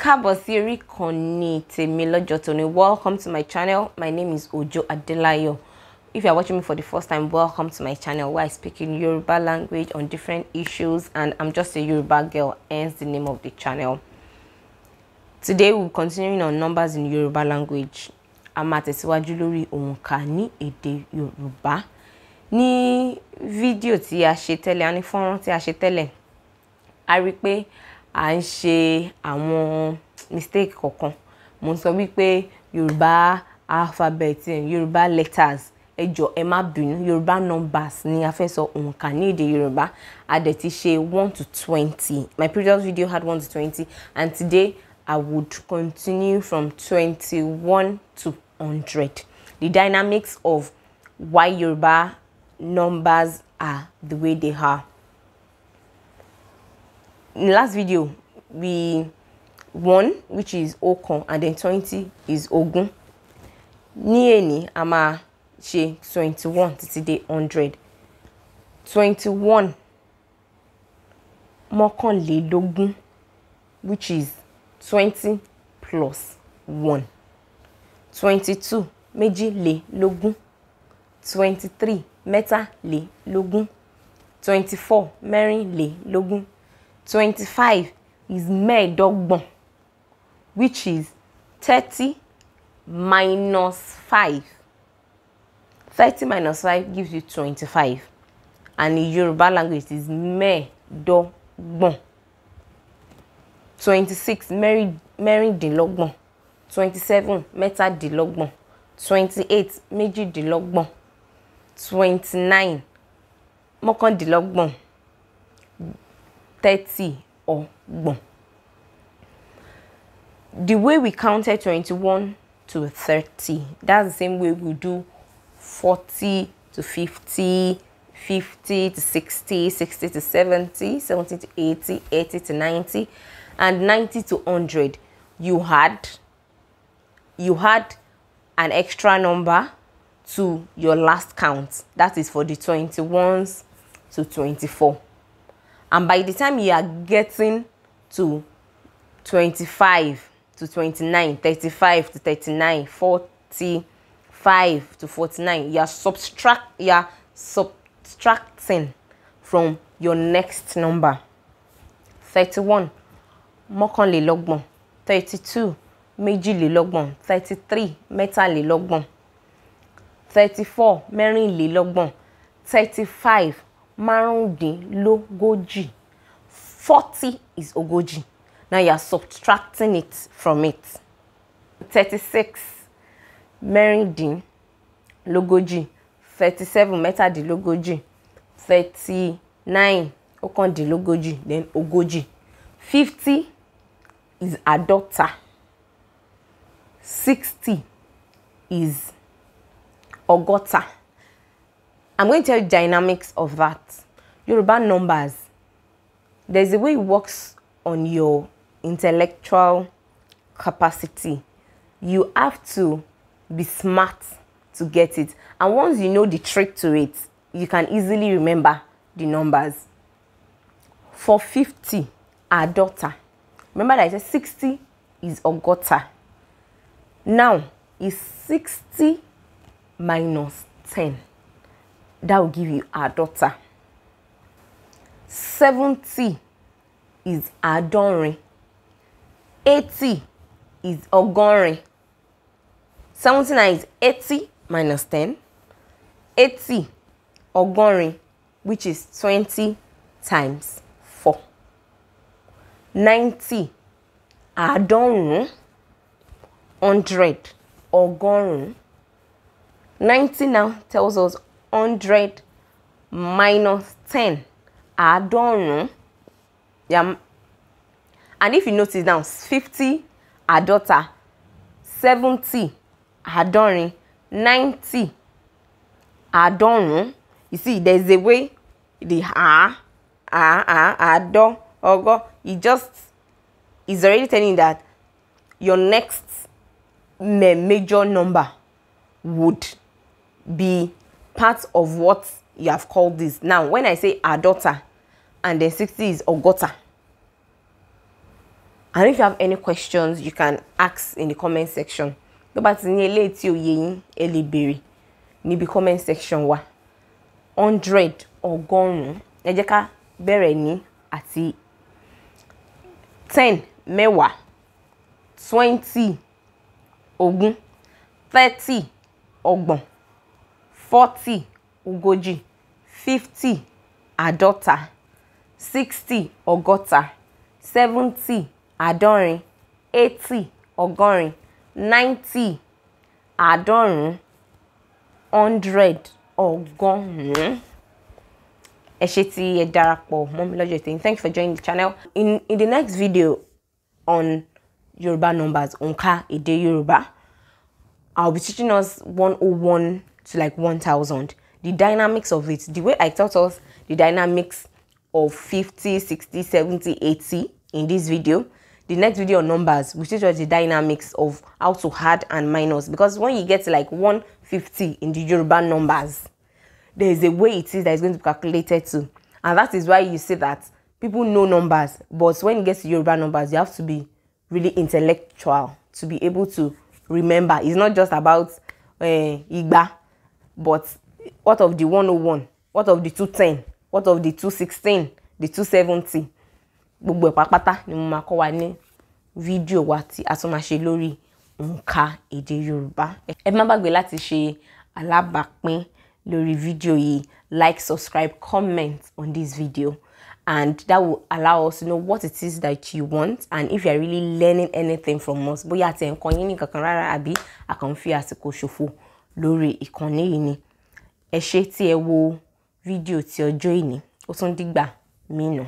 káàbọ̀ sí orí ìkànnì tèmi lọ́jọ́ tòní welcome to my channel my name is Ojo Adelayo if you are watching me for the first time welcome to my channel where I speak in Yoruba language on different issues and I'm just a Yoruba girl hence the name of the channel today we'll be continuing on numbers in Yoruba language a máa tẹ̀síwájú lórí òǹkà ní èdè Yorùbá ní fídíò tí a ṣe tẹ́lẹ̀ a ní fọ́nrán tí a ṣe tẹ́lẹ̀ a rí i pé à ń ṣe àwọn mistake kọ̀ọ̀kan mo ń sọ wípé yorùbá alphabet yorùbá letters ẹ jọ ẹ má bínú yorùbá numbers ni a fẹ́ sọ òǹkà ní èdè yorùbá a dẹ̀ ti ṣe one to twenty my previous video had one to twenty and today I would continue from twenty-one to hundred the dynamics of why Yoruba numbers are the way they are in the last video we one which is ọ̀kan and then twenty is ogun. ní èní a máa ṣe twenty one títí dé hundred twenty one mọ́kànlélógún which is twenty plus one twenty two méjìlélógún twenty three mẹ́tàlélógún twenty four mẹ́rìnlélógún twenty five is mẹ́ẹ̀ẹ́dọ́gbọ̀n which is thirty minus five thirty minus five gives you twenty-five and in Yoruba language it is mẹ́ẹ̀ẹ́dọ́gbọ̀n twenty-six mẹ́rìndínlọ́gbọ̀n twenty-seven mẹ́tàdínlọ́gbọ̀n twenty-eight méjìdínlọ́gbọ̀n twenty-nine mọ́kàndínlọ́gbọ̀n thirty or ọgbọ̀n. The way we counted twenty-one to thirty, that's the same way we do forty to fifty, fifty to sixty, sixty to seventy, seventy to eighty, eighty to ninety, and ninety to hundred. You had you had an extra number to your last count. That is for the twenty-ones to twenty-four and by the time you are getting to 25 to 29 35 to 39 45 to 49 you are subtract you are subtracting from your next number 31 mọ́kànlélọ́gbọ̀n 32 méjìlélọ́gbọ̀n 33 mẹ́tàlélọ́gbọ̀n 34 mẹ́rìnlélọ́gbọ̀n 35 márùndínlógójì forty is ogójì now you are subtracting it from it thirty-six mẹ́rìndínlógójì thirty-seven mẹ́tàdínlógójì thirty-nine ọ̀kàndínlógójì then ogójì fifty is àádọ́ta sixty is ọgọ́ta. I'm going to tell you dynamics of that. Yoruba numbers. There's a way it works on your intellectual capacity. You have to be smart to get it. And once you know the trick to it, you can easily remember the numbers. For 50, daughter. Remember that I said 60 is Ogota. Now, is 60 minus 10 that will give you daughter. seventy is àádọ́rin eighty is ọgọ́rin seventy nine is eighty minus ten eighty ọgọ́rin which is twenty times four ninety àádọ́rùn-ún hundred ọgọ́rùn ninety now tells us hundred minus ten àádọ́rùn-ún and if you notice now fifty àádọ́ta seventy àádọ́rin ninety àádọ́rùn-ún you see there is a way the ah ah ah àádọ́ ọgọ́ it just is already telling that your next major number would be part of what you have called this now when i say a daughter and then 60 is ogota and if you have any questions you can ask in the comment section But bá ti ní eléyìí tí ó yé comment section wa hundred ọgọ́rùn-ún ẹ jẹ́ ká bẹ̀rẹ̀ ní twenty ogún thirty ọgbọ̀n forty ogójì fifty àádọ́ta sixty ọgọ́ta seventy àádọ́rin eighty ọgọ́rin ninety àádọ́rùn-ún hundred ọgọ́rùn-ún. Ẹ ṣé tí ẹ darapọ̀ mọ́ mi lọ́jọ́ ìtẹ̀yìn. Thank you for joining the channel. In, in the next video on Yoruba numbers, òǹkà èdè Yoruba, I will be teaching us one oh one. to like 1000 the dynamics of it the way i taught us the dynamics of 50 60 70 80 in this video the next video on numbers which is the dynamics of how to add and minus because when you get to like 150 in the yoruba numbers there is a way it is that is going to be calculated too, and that is why you see that people know numbers but when it gets to yoruba numbers you have to be really intellectual to be able to remember it's not just about uh, igba but what of the 101 what of the 210 what of the 216 the 270 gbogbo ẹ̀ pátápátá ni mo máa kọ́ wa ní fídíò wa tí a tún máa ṣe lórí òǹkà èdè Yorùbá ẹ má gbàgbé láti ṣe alábàápín lórí fídíò yìí like subscribe comment on this video and that will allow us to know what it is that you want and if you are really learning anything from us bóyá àti ẹ̀ǹkan yín ní kankan rárá àbí àkànfi àsìkò ṣòfò lórí ìkànnì yìí ni ẹ ṣé tí ẹ wo fídíò ti ọjọ́ ìní ó tún dìgbà mí nà.